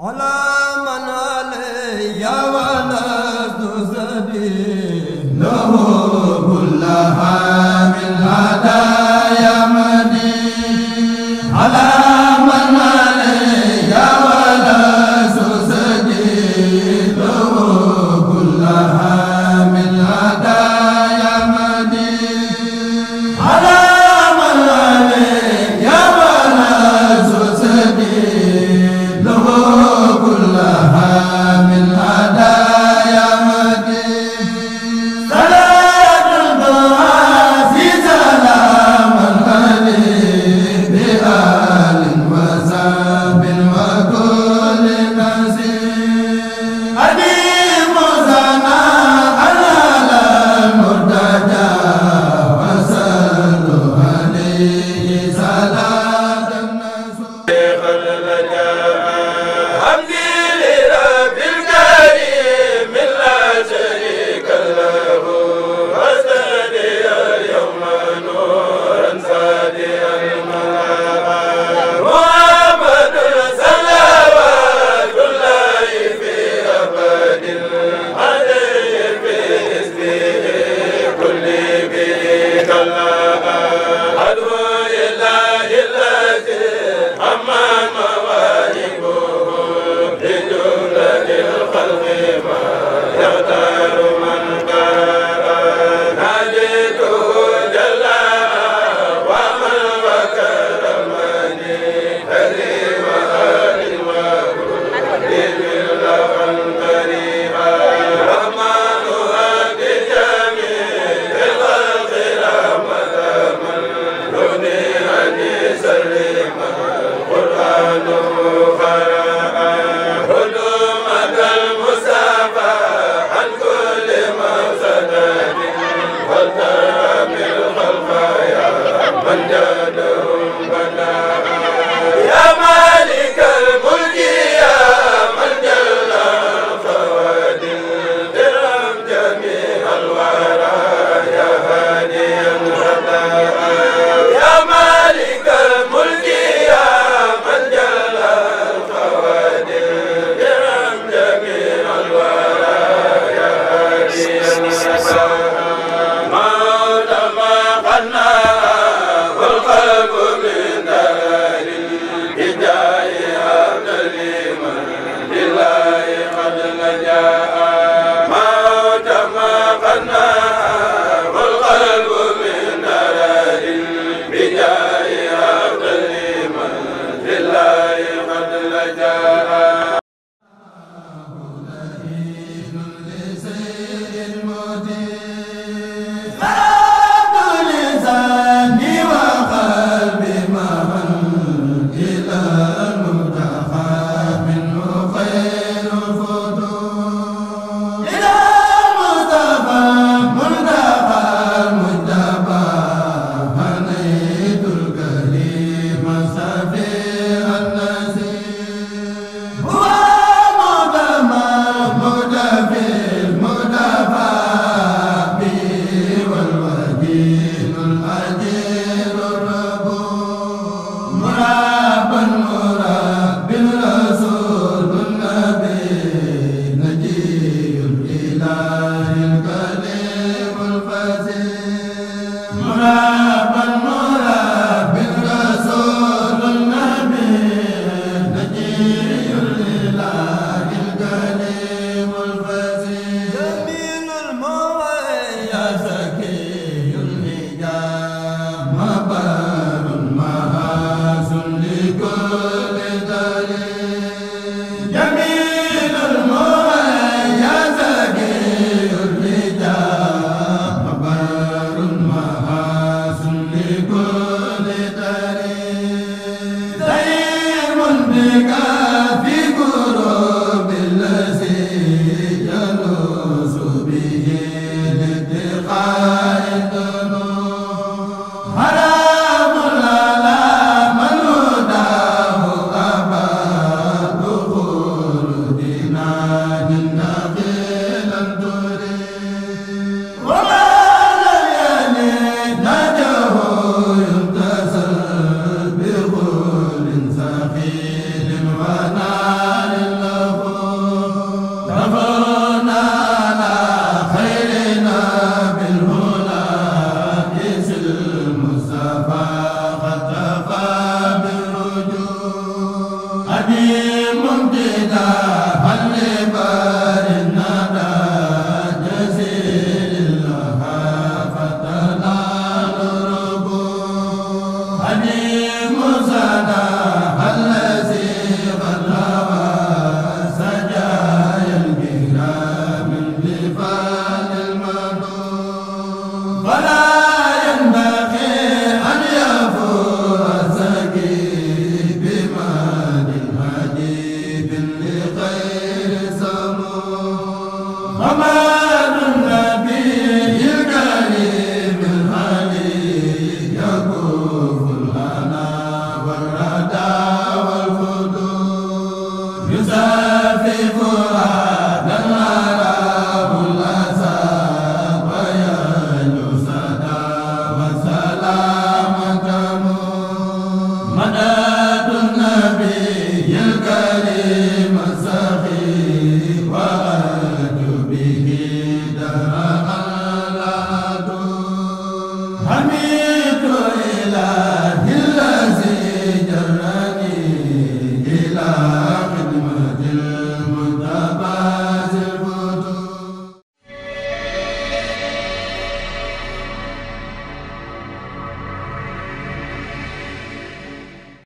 على yaa na